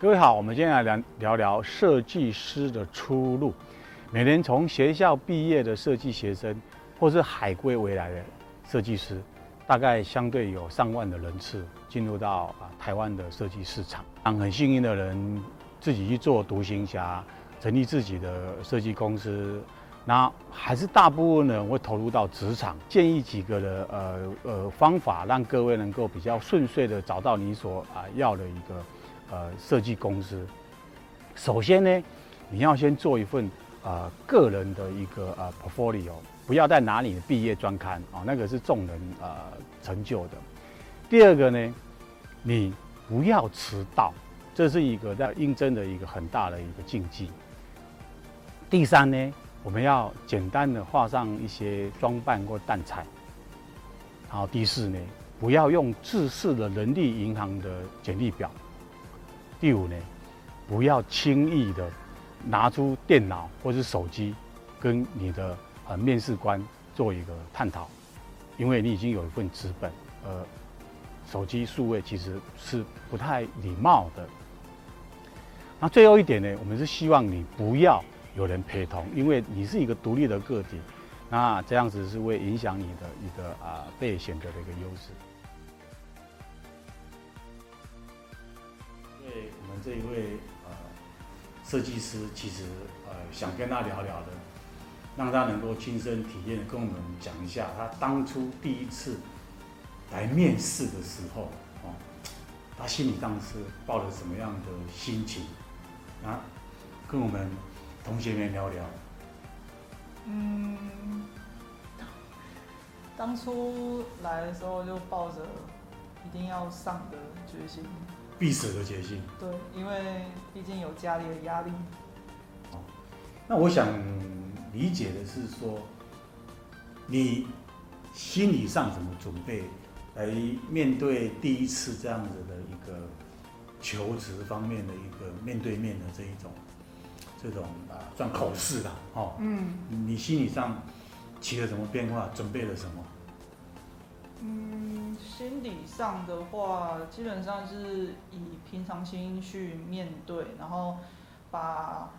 各位好，我們今天來聊聊聊設計師的出路。每年從學校畢業的設計學生，或是海歸回來的設計師，大概相對有上萬的人次進入到啊台灣的設計市場。讓很幸運的人自己去做獨行俠，成立自己的設計公司。那還是大部分人會投入到職場。建議幾個的呃呃方法，讓各位能夠比較順遂的找到你所啊要的一個。呃，設計公司，首先呢，你要先做一份呃個人的一個呃 portfolio，不要再拿你的畢業專刊啊、哦，那個是眾人呃成就的。第二個呢，你不要遲到，這是一個在應徵的一個很大的一個禁忌。第三呢，我們要簡單的畫上一些裝扮或淡彩。然後第四呢，不要用自視的人力銀行的簡歷表。第五呢，不要輕易的拿出電腦或者是手機跟你的呃面試官做一個探討，因為你已經有一份紙本。呃，手機數位其實是不太禮貌的。那最後一點呢，我們是希望你不要有人陪同，因為你是一個獨立的個體，那這樣子是會影響你的，你的，呃，的一個啊被選擇的一個優勢。這一位呃設計師，其實呃想跟他聊聊的，讓他能夠親身體驗，跟我們講一下他當初第一次來面試的時候，哦，他心裡當時抱着什麼樣的心情啊？跟我們同學們聊聊。嗯，當初來的時候就抱着一定要上的決心。必死的決心。對，因為畢竟有家裡的壓力。哦，那我想理解的是說，你心理上怎麼準備來面對第一次這樣子的一個求職方面的一個面對面的這一種這種啊算口試吧，啊。哦，嗯，你心理上起了什麼變化，準備了什麼？心理上的話，基本上是以平常心去面對，然後把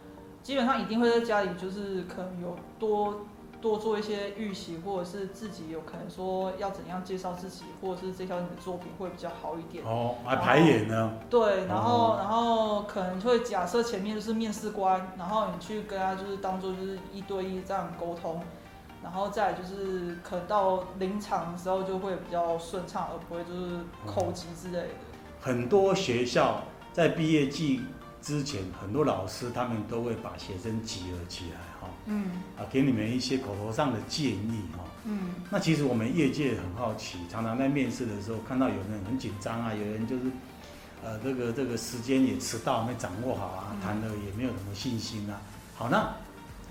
基本上一定會在家裡就是可能有多多做一些預習，或者是自己有可能說要怎樣介紹自己，或者是介紹你的作品會比較好一點哦，來排演呢？啊、對，然後、哦、然後可能會假設前面就是面試官，然後你去跟他就是當做就是一對一這樣溝通。然後再來就是，可到臨場的時候就會比較順暢，而不會就是口急之類的、嗯。很多學校在畢業季之前，很多老師他們都會把學生集合起來，哈、哦，嗯，啊，給你們一些口頭上的建議，哈、哦，嗯。那其實我們業界很好奇，常常在面試的時候看到有人很緊張啊，有人就是，呃，這個這個時間也遲到，沒掌握好啊，嗯、談的也沒有什麼信心啊。好，那。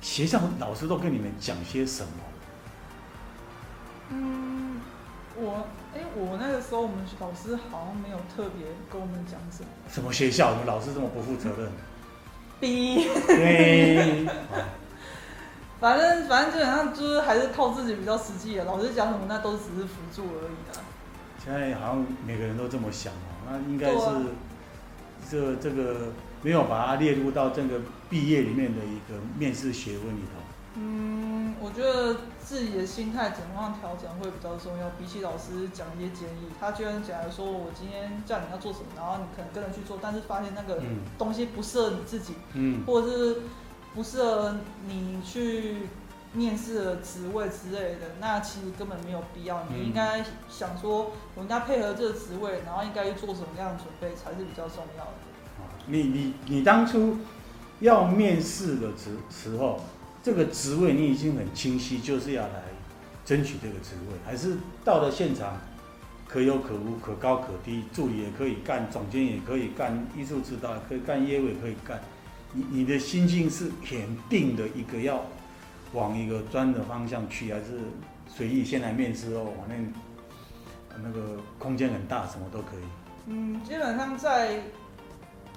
學校老師都跟你們講些什麼？嗯、我哎、欸，我那個時候我們老師好像沒有特別跟我們講什麼。什麼學校？我們老師這麼不負責任？逼！反正反正基本上就是還是靠自己比較實際的，老師講什麼那都是只是輔助而已的、啊。現在好像每個人都這麼想哦，那應該是這、啊、這個。這個沒有把它列入到這個畢業裡面的一個面試學問裡頭。嗯，我覺得自己的心態怎麼樣調整會比較重要。比起老師講一些建議，他居然講來說我今天叫你要做什麼，然後你可能跟着去做，但是發現那個東西不適合你自己，嗯，或者是不適合你去面試的職位之類的，那其實根本沒有必要。你應該想說，我應該配合這個職位，然後應該去做什麼樣的準備才是比較重要的。你你你當初要面試的時時候，這個職位你已經很清晰，就是要來爭取這個職位，還是到了現場可有可無，可高可低，助理也可以幹，總監也可以幹，藝術指導也可以幹，業務也可以幹。你你的心境是肯定的一個要往一個專的方向去，還是隨意先來面試哦？反正那那個空間很大，什麼都可以。嗯，基本上在。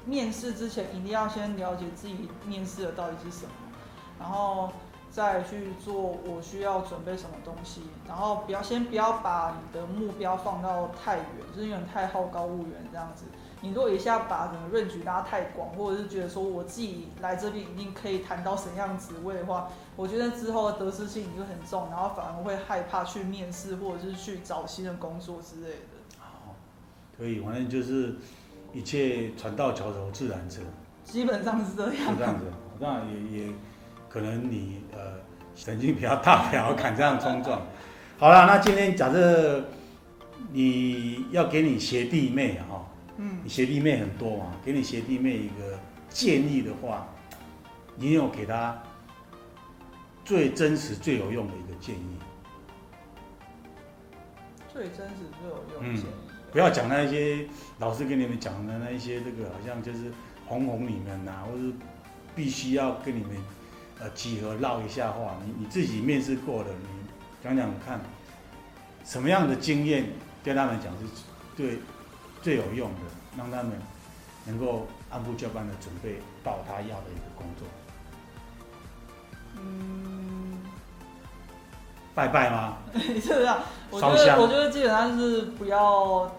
面試之前一定要先了解自己面試的到底是什麼，然後再去做我需要準備什麼東西。然後不要先不要把你的目標放到太遠，就是有點太好高騖遠這樣子。你如果一下把整個任局拉太廣，或者是覺得說我自己來這邊一定可以談到什麼樣職位的話，我覺得之後的得失心就會很重，然後反而會害怕去面試或者是去找新的工作之類的。好，可以，反正就是。一切船到橋頭自然直，基本上是這樣。是這樣子，嗯、那也也可能你呃神經比較大條，然後砍這樣衝撞。哎哎哎、好了，那今天假設你要給你學弟妹哈、哦，嗯，學弟妹很多啊，給你學弟妹一個建議的話，你有給他最真實最有用的一個建議？最真實最有用建不要講那一些老師跟你們講的那一些，這個好像就是哄哄你們吶、啊，或者必須要跟你們呃集合繞一下話。你你自己面試過了，你講講看什麼樣的經驗跟他們講是對，對最有用的，讓他們能夠按部就班的準備到他要的一個工作。嗯，拜拜嗎？這樣，我覺得我覺得基本上是不要。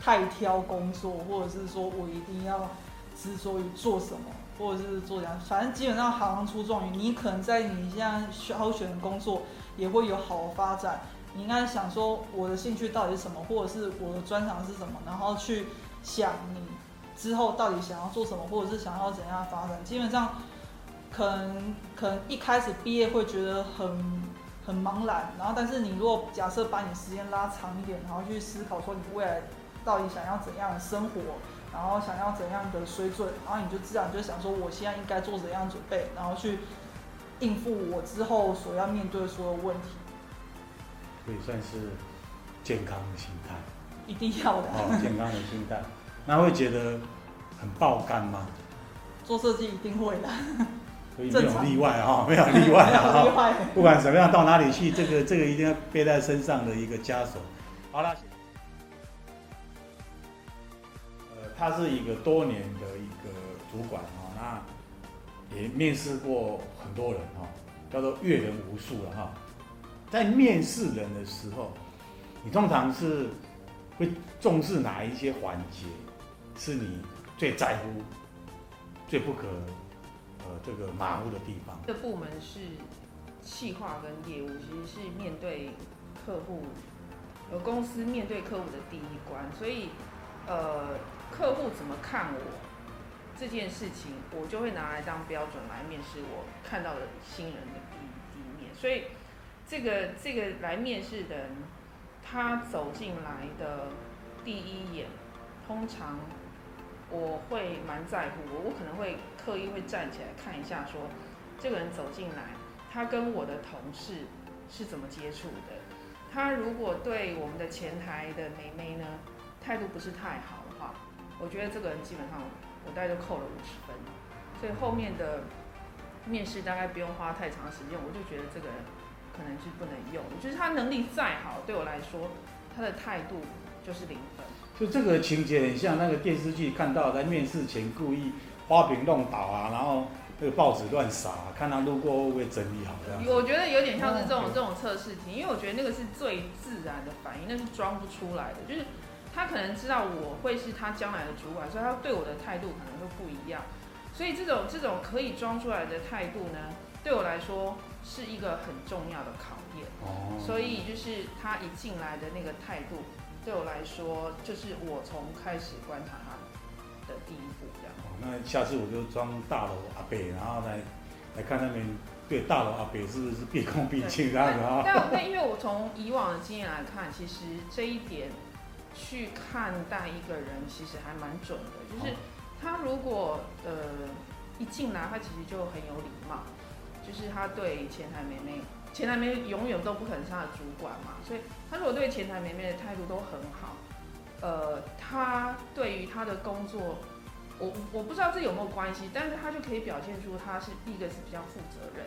太挑工作，或者是說我一定要執着於做什麼，或者是做怎樣，反正基本上行行出狀元。你可能在你現在挑選的工作也會有好的發展。你應該想說我的興趣到底是什麼，或者是我的專長是什麼，然後去想你之後到底想要做什麼，或者是想要怎樣發展。基本上可能可能一開始畢業會覺得很很茫然，然後但是你如果假設把你時間拉長一點，然後去思考說你未來。到底想要怎樣的生活，然後想要怎樣的水準，然後你就自然就想說，我現在應該做怎樣準備，然後去應付我之後所要面對所有的問題。可以算是健康的心態，一定要的。哦，健康的心態，那會覺得很爆肝嗎？做設計一定會的。所以沒有例外哈常、哦，沒有例外啊 沒有例外。好不管怎麼樣， 到哪裡去，這個這個一定要背在身上的一個枷鎖。好了。謝謝他是一個多年的一個主管哈、哦，那也面試過很多人哈、哦，叫做閱人無數了哈、哦。在面試人的時候，你通常是會重視哪一些環節？是你最在乎、最不可呃這個馬虎的地方？這部門是企劃跟業務，其實是面對客戶，呃，公司面對客戶的第一關，所以。呃，客戶怎麼看我這件事情，我就會拿來當標準來面試我看到的新人的第一，第一面。所以，這個這個來面試的人，他走進來的第一眼，通常我會蠻在乎我。我可能會刻意會站起來看一下說，說這個人走進來，他跟我的同事是怎麼接觸的，他如果對我們的前台的妹妹呢，態度不是太好的話，我覺得這個人基本上我大概就扣了五十分，所以後面的面試大概不用花太長時間，我就覺得這個人可能是不能用。就是他能力再好，對我來說他的態度就是零分。就這個情節很像那個電視劇看到在面試前故意花瓶弄倒啊，然後那個報紙亂撒，看他路過會不會整理好這樣。我覺得有點像是這種、嗯、這種測試題，因為我覺得那個是最自然的反應，那是裝不出來的，就是。他可能知道我會是他將來的主管，所以他對我的態度可能都不一樣。所以這種這種可以裝出來的態度呢，對我來說是一個很重要的考驗。哦。所以就是他一進來的那個態度，對我來說就是我從開始觀察他的第一步。這樣。哦、那下次我就裝大樓阿北，然後來來看那邊。對，大樓阿北是不是畢恭畢敬對這樣子啊。但後但因為我從以往的經驗來看， 其實這一點。去看待一個人其實還蠻準的，就是他如果呃一進來，他其實就很有禮貌，就是他對前台妹妹，前台妹永遠都不可能是他的主管嘛，所以他如果對前台妹妹的態度都很好，呃，他對於他的工作，我我不知道這有沒有關係，但是他就可以表現出他是第一個是比較負責任，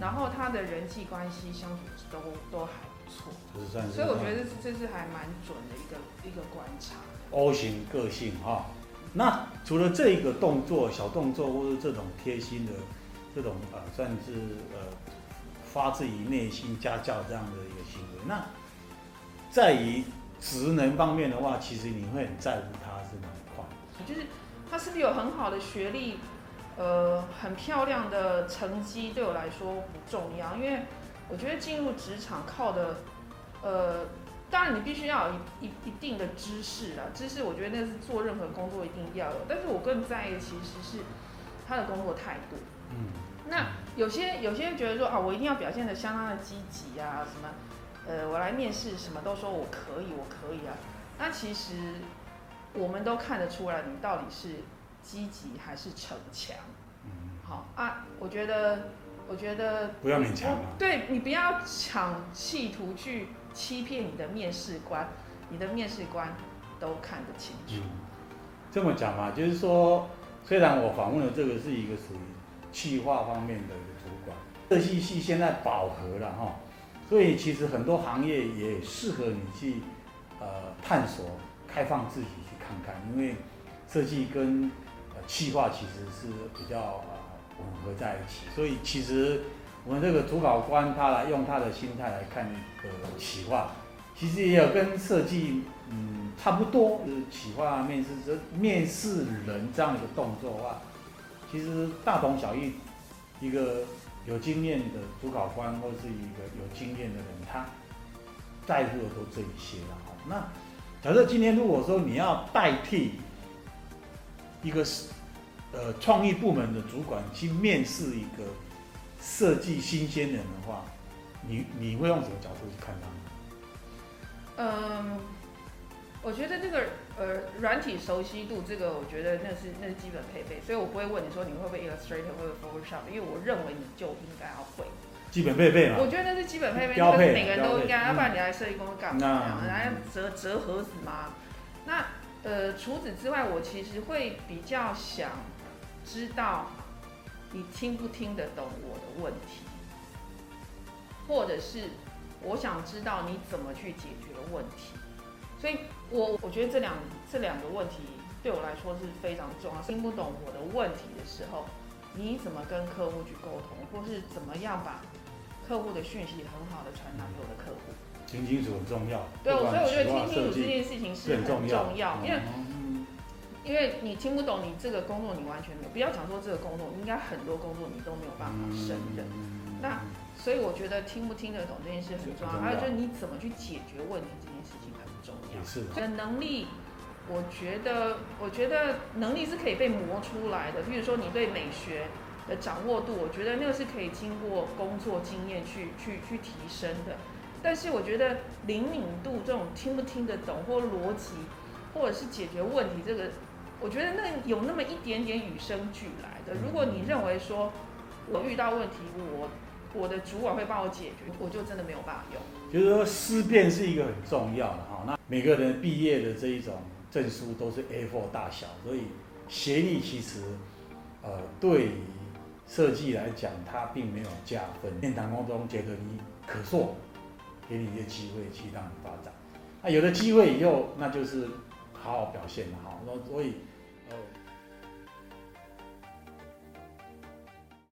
然後他的人際關係相處都都還。錯，就是算是。所以我覺得這是還蠻準的一個一個觀察個。觀察 O 型個性哈、哦、那除了這一個動作、小動作，或者這種貼心的、這種啊、呃，算是呃發自於內心家教這樣的一個行為，那在於職能方面的話，其實你會很在乎他是哪一塊？就是他是不是有很好的學歷？呃，很漂亮的成績，對我來說不重要，因為。我覺得進入職場靠的，呃，當然你必須要有一一,一,一定的知識啦。知識我覺得那是做任何工作一定要有。但是我更在意的其實是他的工作態度。嗯，那有些有些人覺得說啊，我一定要表現得相當的積極啊，什麼，呃，我來面試什麼都說我可以，我可以啊。那其實我們都看得出來，你到底是積極還是逞強。嗯，好啊，我覺得。我覺得不要勉強，啊、對，你不要搶，企圖去欺騙你的面試官，你的面試官都看得清楚，嗯。這麼講嘛。就是說，雖然我訪問了這個是一個屬於企劃方面的一個主管，設計系現在飽和了哈、哦，所以其實很多行業也適合你去呃探索，開放自己去看看，因為設計跟、呃、企劃其實是比較。呃混合在一起，所以其實我們這個主考官他來用他的心態來看一個、呃、企劃，其實也有跟設計嗯差不多，是、呃、企劃面試，是面試人這樣一個動作的話，其實大同小異。一個有經驗的主考官或是一個有經驗的人，他在乎的都這一些的。好，那假設今天如果說你要代替一個是。呃，創意部門的主管去面試一個設計新鮮人的話，你你會用什麼角度去看他？嗯、呃，我覺得這個呃，軟體熟悉度，這個我覺得那是那是基本配備，所以我不會問你說你會不會 Illustrator，會不會 Photoshop，因為我認為你就應該要會。基本配備嘛。我覺得那是基本配備，不配是每個人都應該，嗯、要不然你來設計公司幹嘛？然後折折盒子嘛、嗯、那呃，除此之外，我其實會比較想。知道你聽不聽得懂我的問題，或者是我想知道你怎麼去解決問題。所以我，我我覺得這兩這兩個問題對我來說是非常重要。聽不懂我的問題的時候，你怎麼跟客戶去溝通，或是怎麼樣把客戶的訊息很好的傳達給我的客戶？聽清楚很重要。對，所以我覺得聽清楚這件事情是很重要，因為、嗯。因為你聽不懂，你這個工作你完全沒有。不要講說這個工作，應該很多工作你都沒有辦法勝任。嗯、那所以我覺得聽不聽得懂這件事很重要，還有就是你怎麼去解決問題這件事情很重要。是。能力，我覺得，我覺得能力是可以被磨出來的。比如說你對美學的掌握度，我覺得那個是可以經過工作經驗去去去提升的。但是我覺得靈敏度這種聽不聽得懂，或邏輯，或者是解決問題這個。我覺得那有那麼一點點與生俱來的。如果你認為說我遇到問題，我我的主管會幫我解決，我就真的沒有辦法用。就是說思辨是一個很重要的哈。那每個人畢業的這一種證書都是 A4 大小，所以學歷其實呃對於設計來講，它並沒有加分。面談當中，結果你可塑，給你一個機會去讓你發展。那有了機會以後，那就是好好表現了哈。那所以。